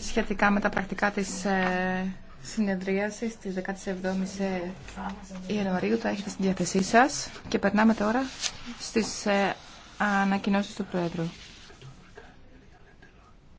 σχετικά με τα πρακτικά της ε, συνεδρίασης της 17 η ε, Ιανουαρίου τα έχετε στην διάθεσή σας και περνάμε τώρα στις ε, ανακοινώσεις του Πρόεδρου.